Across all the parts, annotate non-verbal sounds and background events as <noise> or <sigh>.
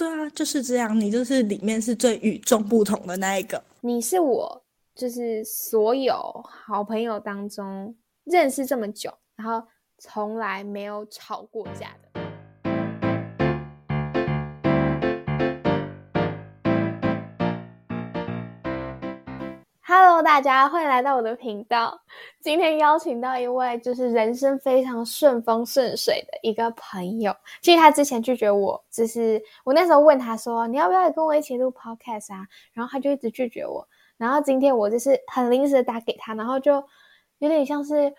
對啊，就是這樣。你就是裡面是最與眾不同的那一個。你是我就是所有好朋友當中認識這麼久，然後從來沒有吵過架的。大家歡迎來到我的頻道。今天邀請到一位就是人生非常順風順水的一個朋友，其實他之前拒絕我，就是我那時候問他說你要不要跟我一起錄 podcast 啊？然後他就一直拒絕我。然後今天我就是很臨時的打給他，然後就有點像是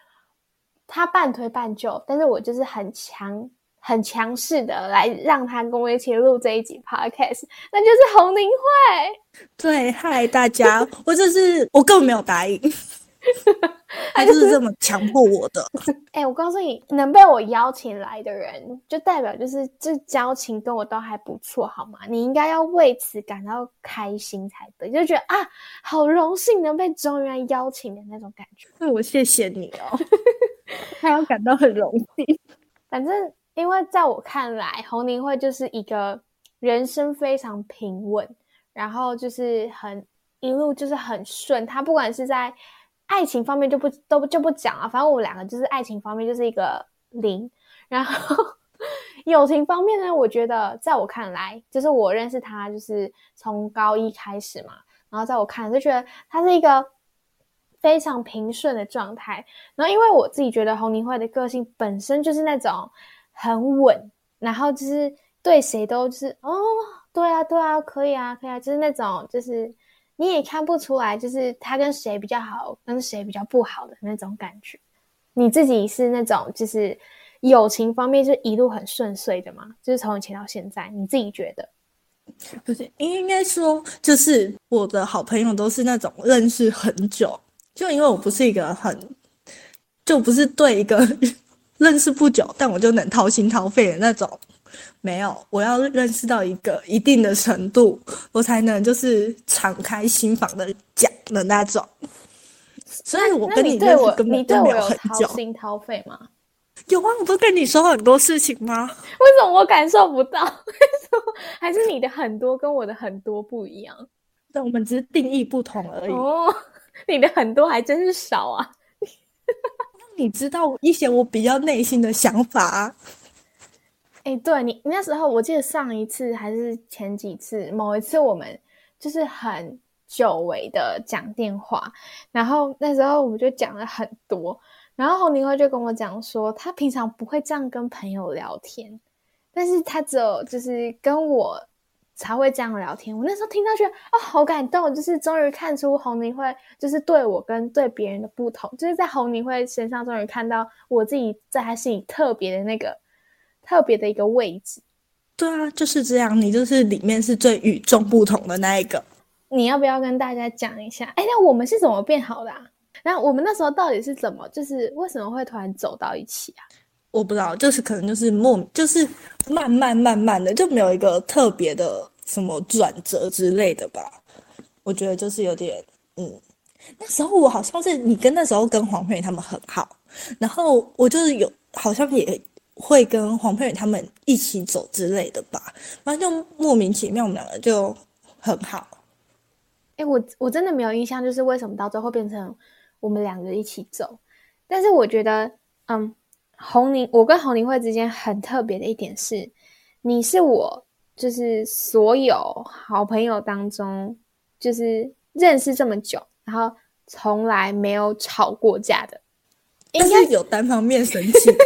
他半推半就，但是我就是很強。很強勢的來讓他跟我一起錄這一集 podcast，那就是紅領會。對，嗨大家， <laughs> 我就是我根本沒有答應， <laughs> 他、就是、就是這麼強迫我的。哎、 <laughs> 欸，我告訴你，能被我邀請來的人，就代表就是這交情跟我都還不錯，好嗎？你應該要為此感到開心才對，就覺得啊，好榮幸能被中原邀請的那種感覺。那、嗯、我謝謝你哦，他 <laughs> 要感到很榮幸，反正。因為在我看來，洪寧慧就是一個人生非常平穩，然後就是很一路就是很順。他不管是在愛情方面就不都不就不講啊，反正我們兩個就是愛情方面就是一個零。然後友情方面呢，我覺得在我看來，就是我認識他就是從高一開始嘛，然後在我看來就覺得他是一個非常平順的狀態。然後因為我自己覺得洪寧慧的個性本身就是那種。很穩，然後就是對誰都是哦，對啊，對啊，可以啊，可以啊，就是那種，就是你也看不出來，就是他跟誰比較好，跟誰比較不好的那種感覺。你自己是那種，就是友情方面就一路很順遂的嗎？就是從以前到現在，你自己覺得？不是，應該說，就是我的好朋友都是那種認識很久，就因為我不是一個很，就不是對一個。認識不久，但我就能掏心掏肺的那種，沒有，我要認識到一個一定的程度，我才能就是敞開心房的講的那種。那所以，我跟你認識根本沒有很久。你對我有掏心掏肺嗎？有啊，我都跟你說很多事情嗎？為什麼我感受不到？為什麼？還是你的很多跟我的很多不一樣？但我們只是定義不同而已。哦，你的很多還真是少啊。你知道一些我比較內心的想法。啊，哎、欸，對你，那時候我記得上一次還是前幾次，某一次我們就是很久違的講電話，然後那時候我們就講了很多，然後紅泥就跟我講說，他平常不會這樣跟朋友聊天，但是他只有就是跟我。才會這樣聊天。我那時候聽到覺得啊、哦，好感動，就是終於看出紅泥會，就是對我跟對別人的不同，就是在紅泥會身上終於看到我自己，在他心裡特別的那個特別的一個位置。對啊，就是這樣，你就是裡面是最與眾不同的那一個。你要不要跟大家講一下？哎，那我們是怎麼變好的啊？啊，那我們那時候到底是怎麼，就是為什麼會突然走到一起啊？我不知道，就是可能就是莫就是慢慢慢慢的就沒有一個特別的什麼轉折之類的吧。我覺得就是有點嗯，那時候我好像是你跟那時候跟黃佩宇他們很好，然後我就是有好像也會跟黃佩宇他們一起走之類的吧。反正就莫名其妙，我們兩個就很好。誒、欸，我我真的沒有印象，就是為什麼到最後變成我們兩個一起走。但是我覺得，嗯。紅林，我跟紅林慧之間很特別的一點是，你是我就是所有好朋友當中，就是認識這麼久，然後從來沒有吵過架的。應該有單方面生氣的該，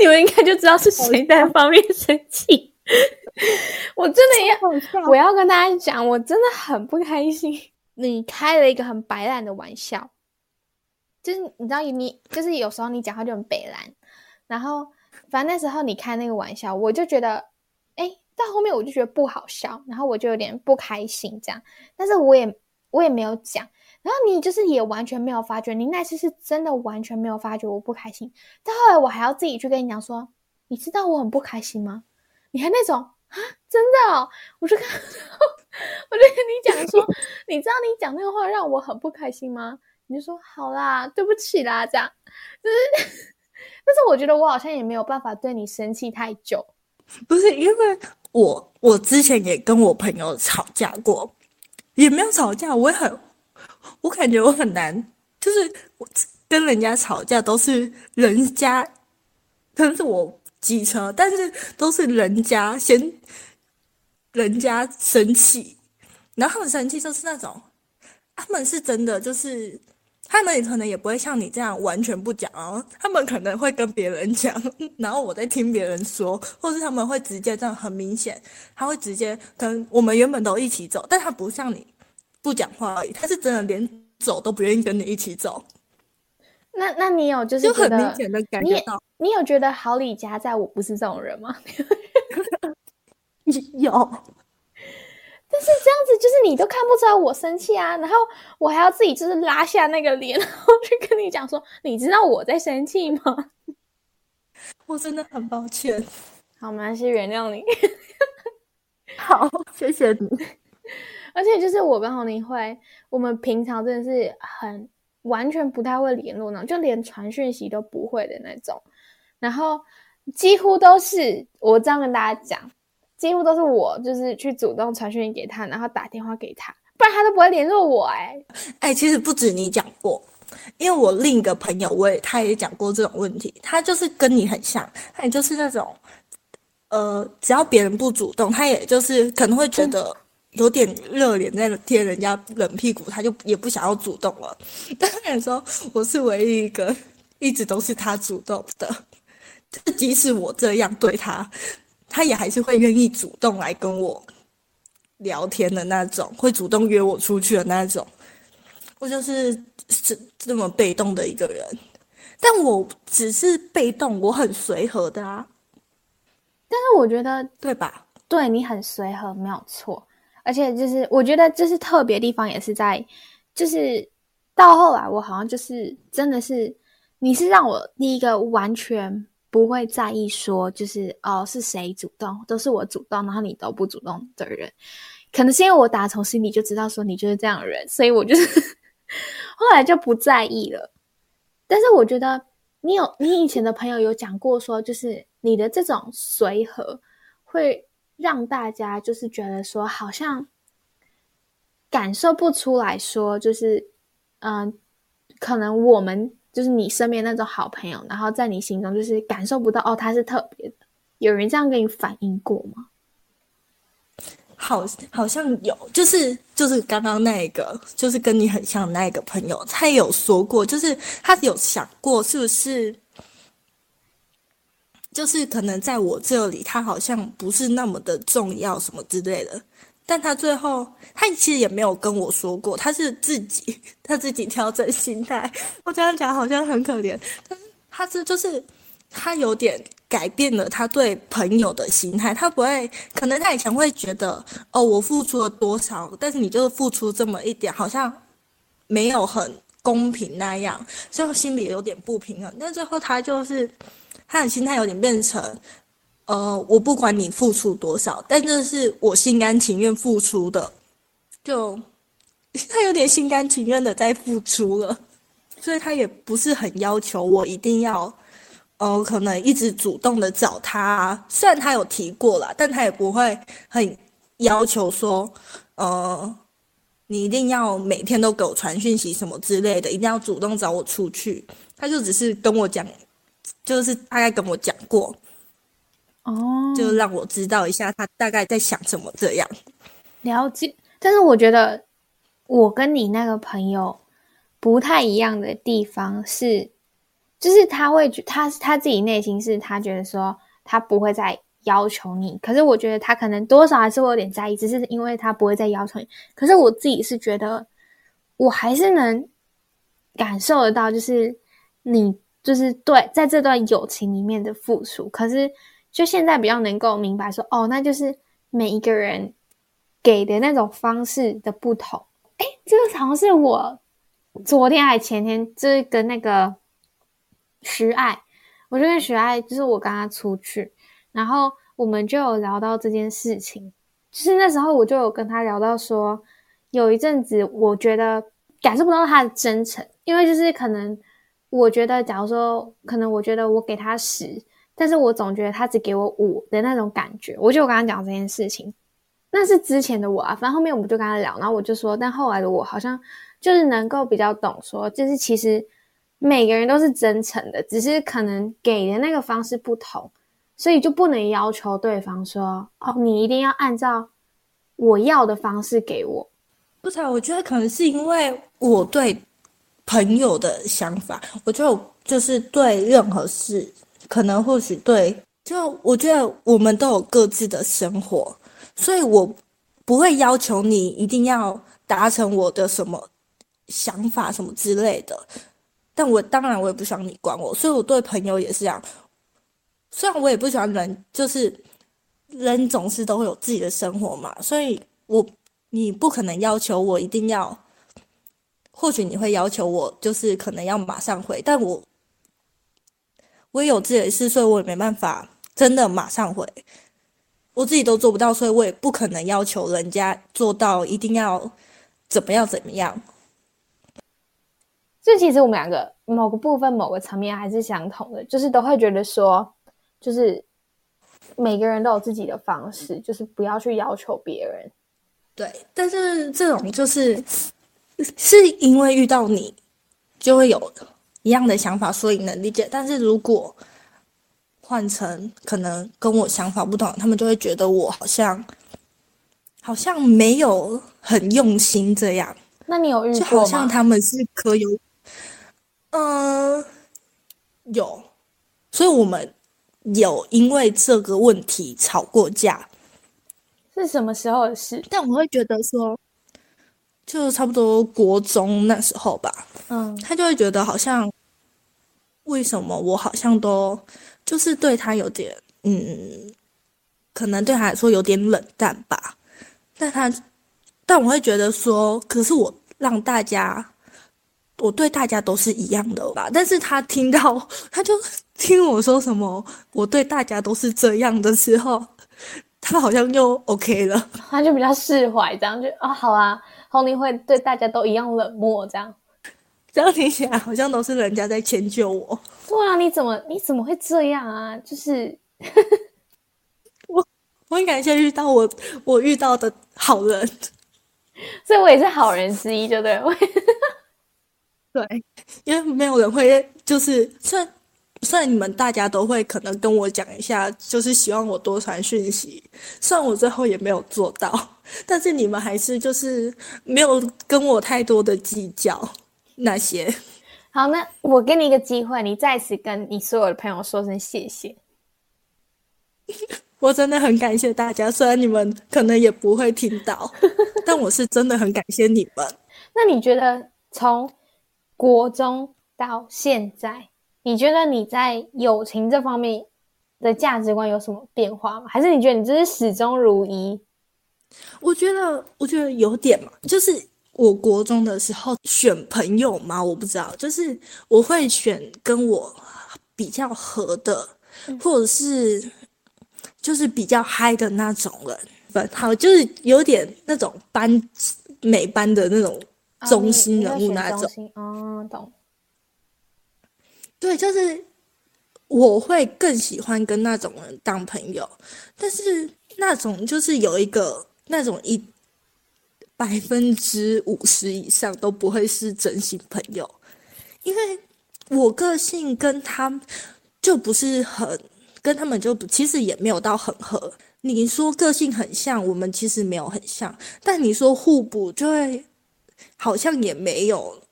<laughs> 你們應該就知道是誰單方面生氣。像 <laughs> 我真的也很，好像我要跟大家講，我真的很不開心。 <laughs> 你開了一個很白爛的玩笑，就是你知道你，就是有時候你講話就很北爛。然後，反正那時候你開那個玩笑，我就覺得，哎，到後面我就覺得不好笑，然後我就有點不開心這樣。但是我也我也沒有講，然後你就是也完全沒有發覺，你那次是真的完全沒有發覺我不開心。到後來我還要自己去跟你講說，你知道我很不開心嗎？你還那種啊，真的哦？我就跟 <laughs> 我就跟你講說，你知道你講那個話讓我很不開心嗎？你就說好啦，對不起啦，這樣就是。但是我覺得我好像也沒有辦法對你生氣太久，不是因為我我之前也跟我朋友吵架過，也沒有吵架，我也很，我感覺我很難，就是我跟人家吵架都是人家，可能是我機車，但是都是人家先，人家生氣，然後很生氣就是那種，他們是真的就是。他們也可能也不會像你這樣完全不講啊，他們可能會跟別人講，然後我在聽別人說，或是他們會直接這樣很明顯，他會直接跟我們原本都一起走，但他不像你，不講話而已，他是真的連走都不願意跟你一起走。那那你有就是就很明顯的感覺到你，你有覺得好李家在我不是這種人嗎？ <laughs> <laughs> 有。但是這樣子，就是你都看不出來我生氣啊，然後我還要自己就是拉下那個臉，然後去跟你講說，你知道我在生氣嗎？我真的很抱歉。好，我們還是原諒你。 <laughs> 好，謝謝你。而且就是我跟紅林會，我們平常真的是很完全不太會聯絡呢，就連傳訊息都不會的那種，然後幾乎都是我這樣跟大家講。幾乎都是我，就是去主動傳訊給他，然後打電話給他，不然他都不會聯絡我、欸。哎，哎，其實不止你講過，因為我另一個朋友，我也他也講過這種問題，他就是跟你很像，他也就是那種，呃，只要別人不主動，他也就是可能會覺得有點熱臉在貼人家冷屁股，他就也不想要主動了。但他說我是唯一一個，一直都是他主動的，即使我這樣對他。他也還是會願意主動來跟我聊天的那種，會主動約我出去的那種，我就是是這麼被動的一個人？但我只是被動，我很隨和的啊。但是我覺得，對吧？對你很隨和沒有錯，而且就是我覺得就是特別地方也是在，就是到後來我好像就是真的是你是讓我第一個完全。不會在意說，就是哦，是誰主動，都是我主動，然後你都不主動的人，可能是因為我打從心裡就知道說你就是這樣的人，所以我就是後來就不在意了。但是我覺得你有，你以前的朋友有講過說，就是你的這種隨和會讓大家就是覺得說好像感受不出來說，就是嗯、呃，可能我們。就是你身邊那種好朋友，然後在你心中就是感受不到哦，他是特別的。有人這樣跟你反應過嗎？好，好像有，就是就是剛剛那一個，就是跟你很像的那個朋友，他有說過，就是他有想過是不是，就是可能在我這裡，他好像不是那麼的重要，什麼之類的。但他最後，他其實也沒有跟我說過，他是自己，他自己調整心態。我這樣講好像很可憐，但是他是就是，他有點改變了他對朋友的心態。他不會，可能他以前會覺得，哦，我付出了多少，但是你就是付出這麼一點，好像沒有很公平那樣，所以我心裡有點不平衡。但最後他就是，他的心態有點變成。呃，我不管你付出多少，但這是我心甘情願付出的，就他有點心甘情願的在付出了，所以他也不是很要求我一定要，呃，可能一直主動的找他啊。雖然他有提過啦，但他也不會很要求說，呃，你一定要每天都給我傳訊息什麼之類的，一定要主動找我出去。他就只是跟我講，就是大概跟我講過。哦，oh, 就讓我知道一下他大概在想什麼這樣。了解，但是我覺得我跟你那個朋友不太一樣的地方是，就是他會覺得他他自己內心是他覺得說他不會再要求你，可是我覺得他可能多少還是會有點在意，只是因為他不會再要求你。可是我自己是覺得我還是能感受得到，就是你就是對在這段友情裡面的付出，可是。就現在比較能夠明白說，哦，那就是每一個人給的那種方式的不同。哎，這個好像是我昨天還前天，這、就是、跟那個徐愛，我就跟徐愛，就是我跟他出去，然後我們就有聊到這件事情。就是那時候我就有跟他聊到說，有一陣子我覺得感受不到他的真誠，因為就是可能我覺得，假如說可能我覺得我給他十。但是我總覺得他只給我五的那種感覺，我就我剛剛講這件事情，那是之前的我啊。反正後面我們就跟他聊，然後我就說，但後來的我好像就是能夠比較懂說，說就是其實每個人都是真誠的，只是可能給的那個方式不同，所以就不能要求對方說哦，你一定要按照我要的方式給我。不是，我覺得可能是因為我對朋友的想法，我覺得我就是對任何事。可能或許對，就我覺得我們都有各自的生活，所以我不會要求你一定要達成我的什麼想法什麼之類的。但我當然我也不想你管我，所以我對朋友也是這樣。雖然我也不喜歡人，就是人總是都會有自己的生活嘛，所以我，你不可能要求我一定要。或許你會要求我，就是可能要馬上回，但我。我也有自己的事，所以我也沒辦法真的馬上回。我自己都做不到，所以我也不可能要求人家做到一定要怎麼樣怎麼樣。這其實我們兩個某個部分、某個層面還是相同的，就是都會覺得說，就是每個人都有自己的方式，就是不要去要求別人。對，但是這種就是是因為遇到你就會有的。一樣的想法，所以能理解。但是如果換成可能跟我想法不同，他們就會覺得我好像好像沒有很用心這樣。那你有遇過嗎？就好像他們是可有，嗯、呃，有。所以我們有因為這個問題吵過架。是什麼時候的事？但我會覺得說，就差不多國中那時候吧。嗯，他就會覺得好像。為什麼我好像都，就是對他有點，嗯，可能對他來說有點冷淡吧。但他，但我會覺得說，可是我讓大家，我對大家都是一樣的吧。但是他聽到，他就聽我說什麼，我對大家都是這樣的時候，他好像就 OK 了，他就比較釋懷，這樣就啊、哦、好啊，Tony 會對大家都一樣冷漠，這樣。這樣聽起來好像都是人家在遷就我。對啊，你怎麼你怎麼會這樣啊？就是 <laughs> 我我很感謝遇到我我遇到的好人， <laughs> 所以我也是好人之一，就對了。 <laughs> 對，因為沒有人會就是，雖然雖然你們大家都會可能跟我講一下，就是希望我多傳訊息，雖然我最後也沒有做到，但是你們還是就是沒有跟我太多的計較。那些？好，那我給你一個機會，你再次跟你所有的朋友說聲謝謝。我真的很感謝大家，雖然你們可能也不會聽到， <laughs> 但我是真的很感謝你們。那你覺得從國中到現在，你覺得你在友情這方面的價值觀有什麼變化嗎？還是你覺得你就是始終如一？我覺得，我覺得有點嘛，就是。我國中的時候選朋友嗎？我不知道，就是我會選跟我比較合的，嗯、或者是就是比較嗨的那種人，不，好，就是有點那種班美班的那種中心人物那種、啊。哦，懂。對，就是我會更喜歡跟那種人當朋友，但是那種就是有一個那種一。百分之五十以上都不會是真心朋友，因為我個性跟他就不是很跟他們就其實也沒有到很合。你說個性很像，我們其實沒有很像，但你說互補，就會好像也沒有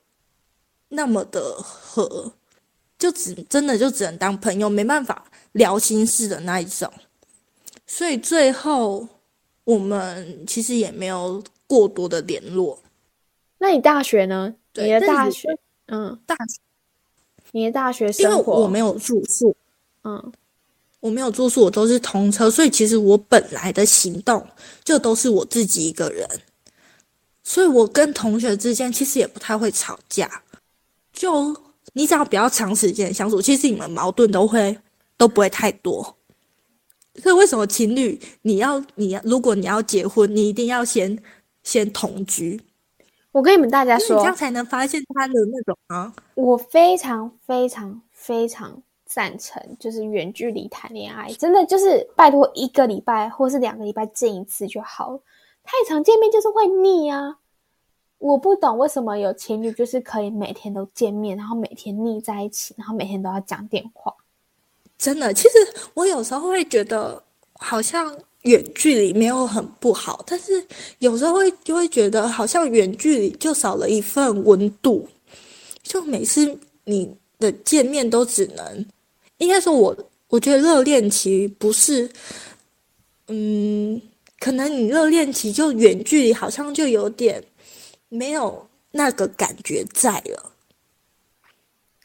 那麼的合，就只真的就只能當朋友，沒辦法聊心事的那一種。所以最後我們其實也沒有。過多的聯絡，那你大學呢？對你的大學，是嗯，大，你的大學生活，因為我沒有住宿，嗯，我沒有住宿，我都是同車，所以其實我本來的行動就都是我自己一個人，所以我跟同學之間其實也不太會吵架，就你只要不要長時間相處，其實你們矛盾都會都不會太多，所以為什麼情侶你要你要，如果你要結婚，你一定要先。先同居，我跟你們大家說，這樣才能發現他的那種啊！我非常非常非常贊成，就是遠距離談戀愛，真的就是拜託一個禮拜或是兩個禮拜見一次就好了，太常見面就是會膩啊！我不懂為什麼有情侶就是可以每天都見面，然後每天膩在一起，然後每天都要講電話。真的，其實我有時候會覺得。好像遠距離沒有很不好，但是有時候會就會覺得好像遠距離就少了一份溫度，就每次你的見面都只能，應該說我我覺得熱戀期不是，嗯，可能你熱戀期就遠距離好像就有點沒有那個感覺在了。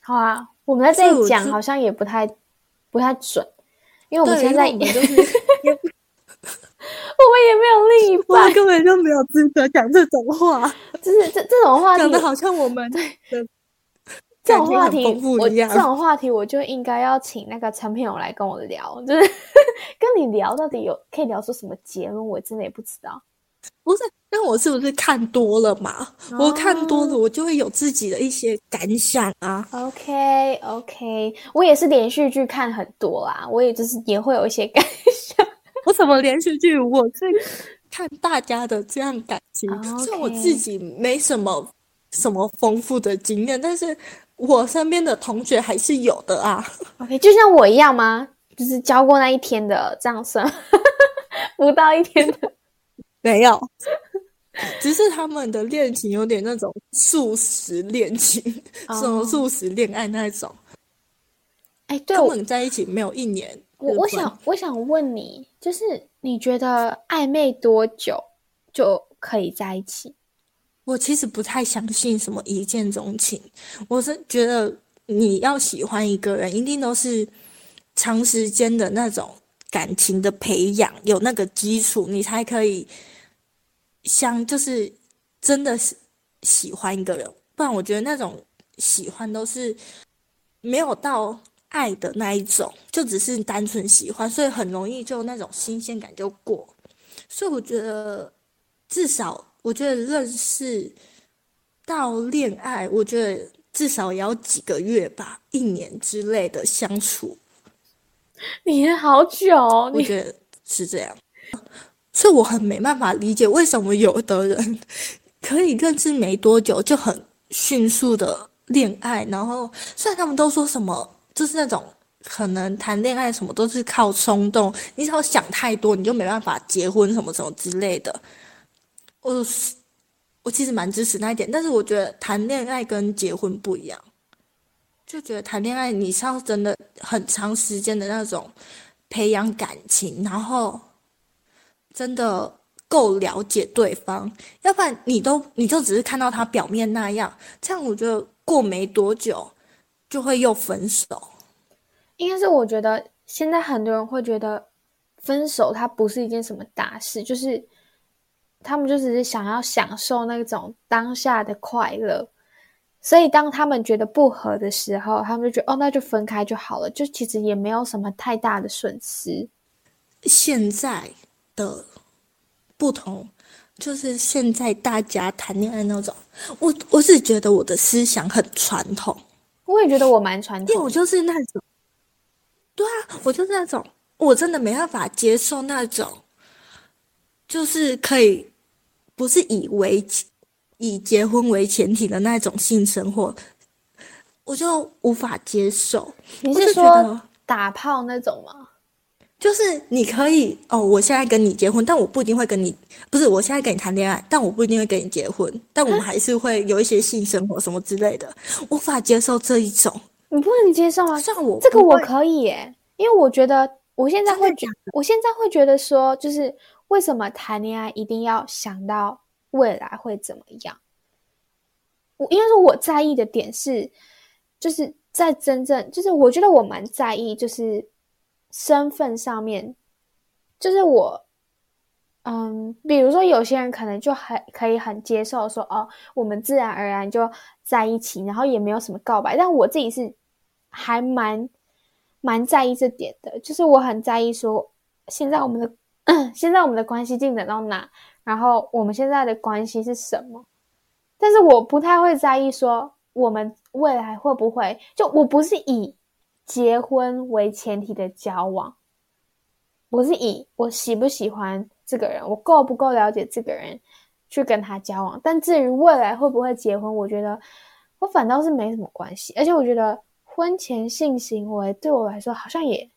好啊，我們在這裡講好像也不太不太準。因為我們現在也就是對， <laughs> 我們也沒有另一半， <laughs> 我根本就沒有資格講這種話。就是這這種話，講的好像我們這種話題，我這種話題，我就應該要請那個陳平友來跟我聊，就是 <laughs> 跟你聊，到底有可以聊出什麼結論，我真的也不知道。不是。那我是不是看多了嘛？Oh, 我看多了，我就會有自己的一些感想啊。OK OK，我也是連續劇看很多啦，我也就是也會有一些感想。我什麼連續劇我是看大家的這樣感情，oh, okay. 我自己沒什麼什麼豐富的經驗，但是我身邊的同學還是有的啊。OK，就像我一樣嗎？就是教過那一天的這樣算， <laughs> 不到一天的 <laughs> 沒有。只是他們的戀情有點那種速食戀情，oh. 什麼速食戀愛那種，哎、欸，對，他們在一起沒有一年我。我我想我想問你，就是你覺得曖昧多久就可以在一起？我其實不太相信什麼一見鍾情，我是覺得你要喜歡一個人，一定都是長時間的那種感情的培養，有那個基礎，你才可以。像，就是真的是喜歡一個人，不然我覺得那種喜歡都是沒有到愛的那一種，就只是單純喜歡，所以很容易就那種新鮮感就過。所以我覺得至少我覺得認識到戀愛，我覺得至少也要幾個月吧，一年之類的相處。你也好久哦？你，我覺得是這樣。所以我很沒辦法理解為什麼有的人可以認識沒多久就很迅速的戀愛，然後雖然他們都說什麼就是那種可能談戀愛什麼都是靠衝動，你只要想太多你就沒辦法結婚什麼什麼之類的。我我其實蠻支持那一點，但是我覺得談戀愛跟結婚不一樣，就覺得談戀愛你需要真的很長時間的那種培養感情，然後。真的夠了解對方，要不然你都你就只是看到他表面那樣，這樣我覺得過沒多久就會又分手。應該是我覺得現在很多人會覺得分手它不是一件什麼大事，就是他們就只是想要享受那種當下的快樂，所以當他們覺得不合的時候，他們就覺得哦那就分開就好了，就其實也沒有什麼太大的損失。現在的不同，就是現在大家談戀愛那種，我我是覺得我的思想很傳統，我也覺得我蠻傳統，因為我就是那種，對啊，我就是那種，我真的沒辦法接受那種，就是可以不是以為以結婚為前提的那種性生活，我就無法接受。你是說打炮那種嗎？就是你可以哦，我現在跟你結婚，但我不一定會跟你。不是，我現在跟你談戀愛，但我不一定會跟你結婚，但我們還是會有一些性生活什麼之類的。嗯、無法接受這一種。你不能接受啊？算我，這個我可以耶、欸，因為我覺得我現在會覺，的的我現在會覺得說，就是為什麼談戀愛一定要想到未來會怎麼樣？我因為說我在意的點是，就是在真正，就是我覺得我蠻在意，就是。身份上面，就是我，嗯，比如說有些人可能就很可以很接受說哦，我們自然而然就在一起，然後也沒有什麼告白。但我自己是還蠻蠻在意這點的，就是我很在意說現在我們的現在我們的關係進展到哪，然後我們現在的關係是什麼。但是我不太會在意說我們未來會不會，就我不是以。結婚為前提的交往，我是以我喜不喜歡這個人，我夠不夠了解這個人去跟他交往。但至於未來會不會結婚，我覺得我反倒是沒什麼關係。而且我覺得婚前性行為對我來說好像也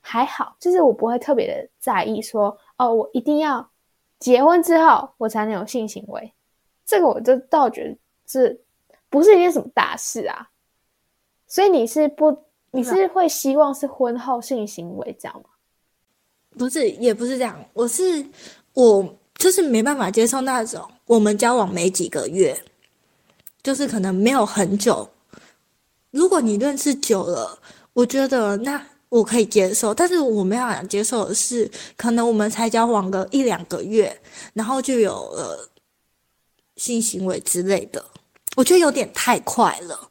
還好，就是我不會特別的在意說哦，我一定要結婚之後我才能有性行為。這個我就倒覺得這不是一件什麼大事啊。所以你是不？你是，是會希望是婚後性行為，這樣嗎？嗯？不是，也不是這樣。我是我，就是沒辦法接受那種我們交往沒幾個月，就是可能沒有很久。如果你認識久了，我覺得那我可以接受。但是我沒有想接受的是，可能我們才交往個一兩個月，然後就有了、呃、性行為之類的，我覺得有點太快了。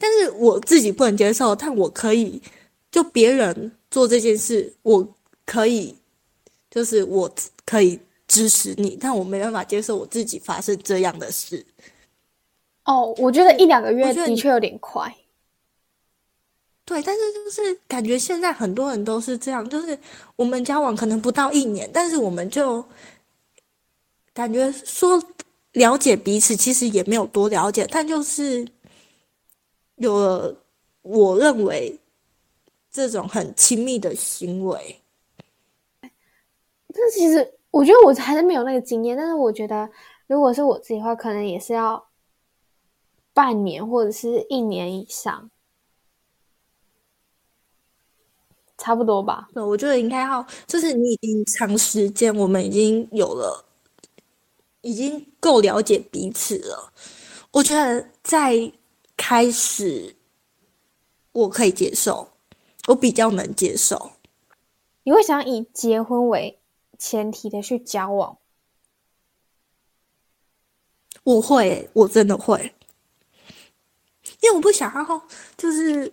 但是我自己不能接受，但我可以，就別人做這件事，我可以，就是我可以支持你，但我沒辦法接受我自己發生這樣的事。哦，我覺得一兩個月的確有點快，對。對，但是就是感覺現在很多人都是這樣，就是我們交往可能不到一年，嗯、但是我們就感覺說了解彼此，其實也沒有多了解，但就是。有了，我認為這種很親密的行為，但其實我覺得我還是沒有那個經驗。但是我覺得，如果是我自己的話，可能也是要半年或者是一年以上，差不多吧。我覺得應該要，就是你已經長時間，我們已經有了，已經夠了解彼此了。我覺得在。開始，我可以接受，我比較能接受。你會想以結婚為前提的去交往？我會，我真的會，因為我不想，然後就是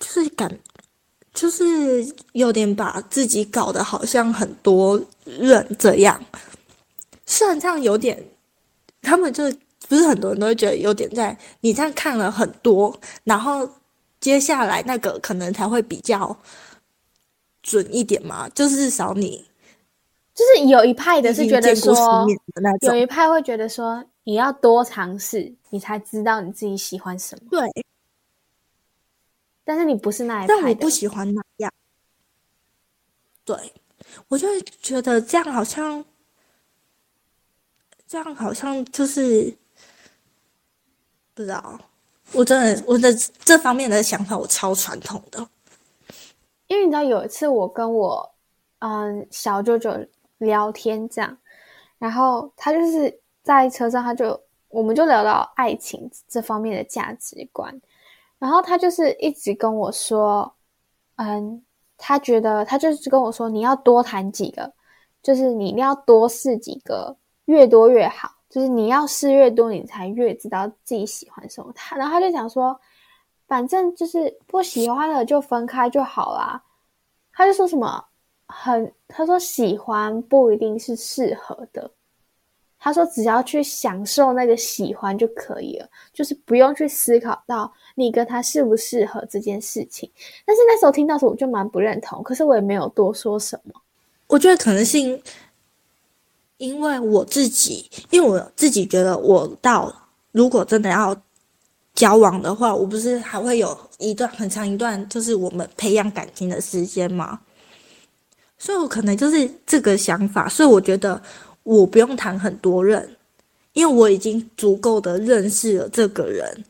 就是感就是有點把自己搞得好像很多人這樣，算上有點，他們就。不是很多人都會覺得有點在你這樣看了很多，然後接下來那個可能才會比較準一點嘛？就是至少你就是有一派的是覺得說，有一派會覺得說你要多嘗試，你才知道你自己喜歡什麼。對，但是你不是那一派，但我不喜歡那樣。對，我就覺得這樣好像，這樣好像就是。不知道，我真的我的這方面的想法我超傳統的，因為你知道有一次我跟我嗯小舅舅聊天這樣，然後他就是在車上，他就我們就聊到愛情這方面的價值觀，然後他就是一直跟我說，嗯，他覺得他就是跟我說你要多談幾個，就是你一定要多試幾個，越多越好。就是你要試越多，你才越知道自己喜歡什麼他。他然後他就講說，反正就是不喜歡了就分開就好啦。他就說什麼很，他說喜歡不一定是適合的。他說只要去享受那個喜歡就可以了，就是不用去思考到你跟他適不適合這件事情。但是那時候聽到時候我就蠻不認同，可是我也沒有多說什麼。我覺得可能性。因為我自己，因為我自己覺得，我到如果真的要交往的話，我不是還會有一段很長一段，就是我們培養感情的時間嗎？所以我可能就是這個想法，所以我覺得我不用談很多人，因為我已經足夠的認識了這個人，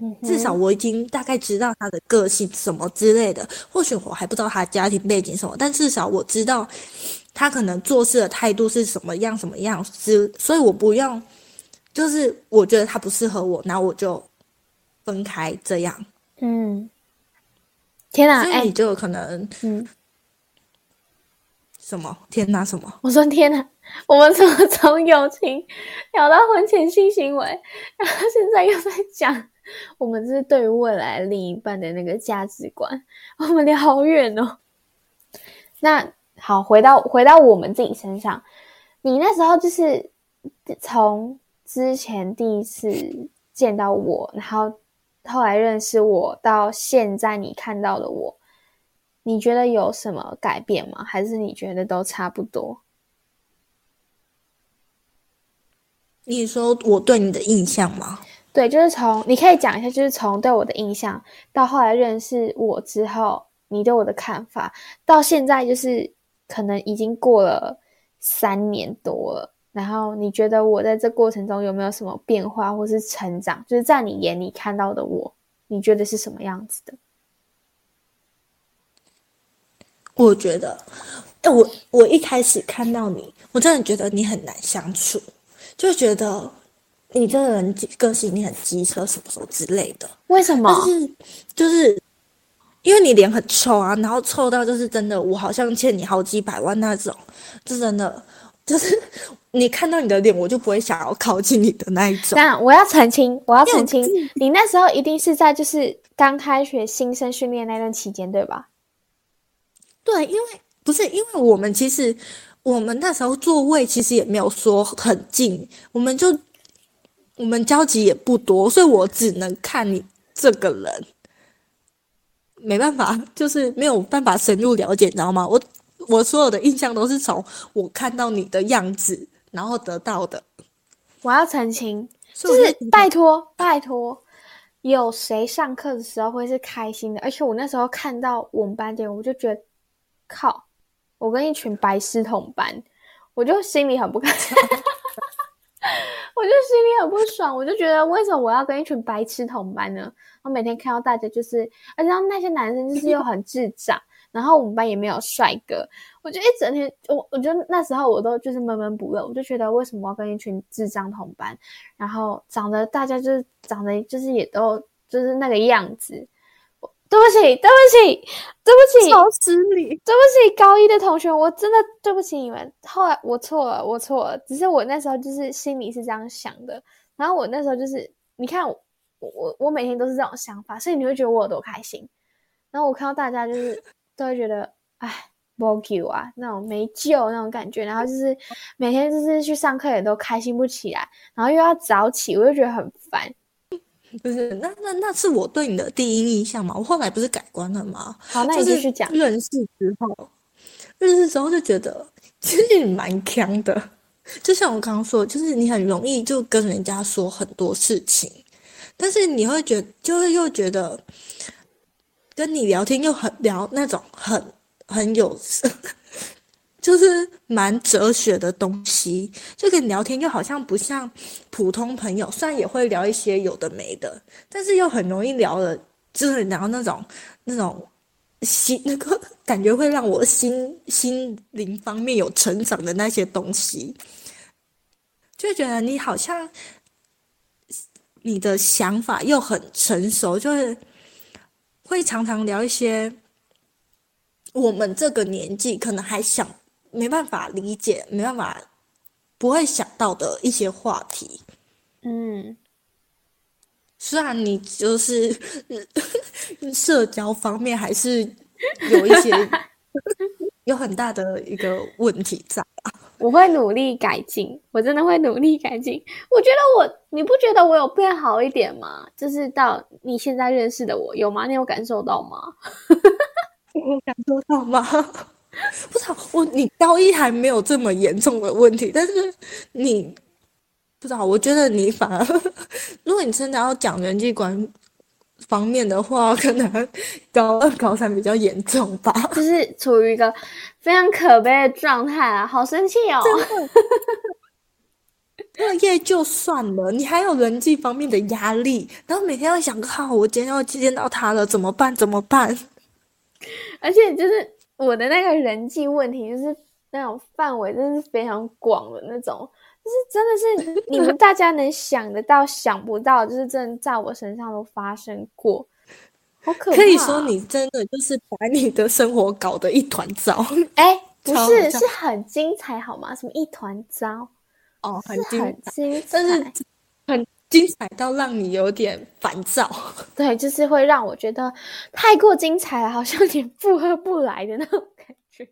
嗯哼，至少我已經大概知道他的個性什麼之類的，或許我還不知道他家庭背景什麼，但至少我知道。他可能做事的態度是什麼樣什麼樣，是所以我不用，就是我覺得他不適合我，那我就分開這樣。嗯，天哪，哎，就可能、欸、嗯，什，什麼天哪什麼？我說天哪，我們怎麼從友情聊到婚前性行為，然後現在又在講我們是對於未來另一半的那個價值觀？我們聊好遠哦，那。好，回到回到我們自己身上，你那時候就是從之前第一次見到我，然後後來認識我到現在，你看到的我，你覺得有什麼改變嗎？還是你覺得都差不多？你說我對你的印象嗎？對，就是從，你可以講一下，就是從對我的印象到後來認識我之後，你對我的看法到現在就是。可能已經過了三年多了，然後你覺得我在這過程中有沒有什麼變化或是成長？就是在你眼裡看到的我，你覺得是什麼樣子的？我覺得，哎，我我一開始看到你，我真的覺得你很難相處，就覺得你這個人個性你很機車，什麼什麼之類的？為什麼？是就是。因為你臉很臭啊，然後臭到就是真的，我好像欠你好幾百萬那種，這真的就是你看到你的臉，我就不會想要靠近你的那一種。那我要澄清，我要澄清，要你那時候一定是在就是剛開學新生訓練那段期間，對吧？對，因為不是因為我們其實我們那時候座位其實也沒有說很近，我們就我們交集也不多，所以我只能看你這個人。沒辦法，就是沒有辦法深入了解，你知道嗎？我我所有的印象都是從我看到你的樣子然後得到的。我要澄清，是就是拜託拜託，拜託 <laughs> 有誰上課的時候會是開心的？而且我那時候看到我們班的，我就覺得，靠，我跟一群白痴同班，我就心裡很不開心， <laughs> <laughs> 我就心裡很不爽，我就覺得為什麼我要跟一群白痴同班呢？我每天看到大家就是，而且那些男生就是又很智障， <laughs> 然後我們班也沒有帥哥，我就一整天，我我覺得那時候我都就是悶悶不樂，我就覺得為什麼要跟一群智障同班，然後長得大家就是長得就是也都就是那個樣子。對不起，對不起，對不起，吵死你！對不起，高一的同學，我真的對不起你們。後來我錯了，我錯了，只是我那時候就是心裡是這樣想的，然後我那時候就是，你看我。我我我每天都是這種想法，所以你會覺得我有多開心。然後我看到大家就是 <laughs> 都會覺得，哎 b u g u 啊，那種沒救那種感覺。然後就是每天就是去上課也都開心不起來，然後又要早起，我就覺得很煩。不是，那那那是我對你的第一印象嘛。我後來不是改觀了嗎？好，那你繼續講。認識之後，認識之後就覺得其實你蠻強的，就像我剛剛說，就是你很容易就跟人家說很多事情。但是你會覺，就是又覺得跟你聊天又很聊那種很很有，就是蠻哲學的東西，就跟你聊天又好像不像普通朋友，雖然也會聊一些有的沒的，但是又很容易聊了，就是聊那種那種心那個感覺會讓我心心靈方面有成長的那些東西，就覺得你好像。你的想法又很成熟，就是會常常聊一些我們這個年紀可能還想沒辦法理解、沒辦法不會想到的一些話題。嗯，雖然你就是社交方面還是有一些 <laughs> 有很大的一個問題在啊。我會努力改進，我真的會努力改進。我覺得我，你不覺得我有變好一點嗎？就是到你現在認識的我，有嗎？你有感受到嗎？ <laughs> 我有感受到嗎？不知道我，你高一還沒有這麼嚴重的問題，但是你 <noise> 不知道，我覺得你反而， <laughs> 如果你真的要講人際關係。方面的話，可能高二、高三比較嚴重吧，就是處於一個非常可悲的狀態啊，好生氣哦！作的 <laughs> 業就算了，你還有人際方面的壓力，然後每天要想看，我今天要見到他了，怎麼辦？怎麼辦？而且就是我的那個人際問題，就是那種範圍真是非常廣的那種。就是真的是你們大家能想得到 <laughs> 想不到，就是真在我身上都發生過，好可怕啊。可以說你真的就是把你的生活搞得一團糟。哎、欸，不是，是很精彩好嗎？什麼一團糟？哦，很精彩，但是很精彩到讓你有點煩躁。躁對，就是會讓我覺得太過精彩了，好像有點負荷不來的那種感覺。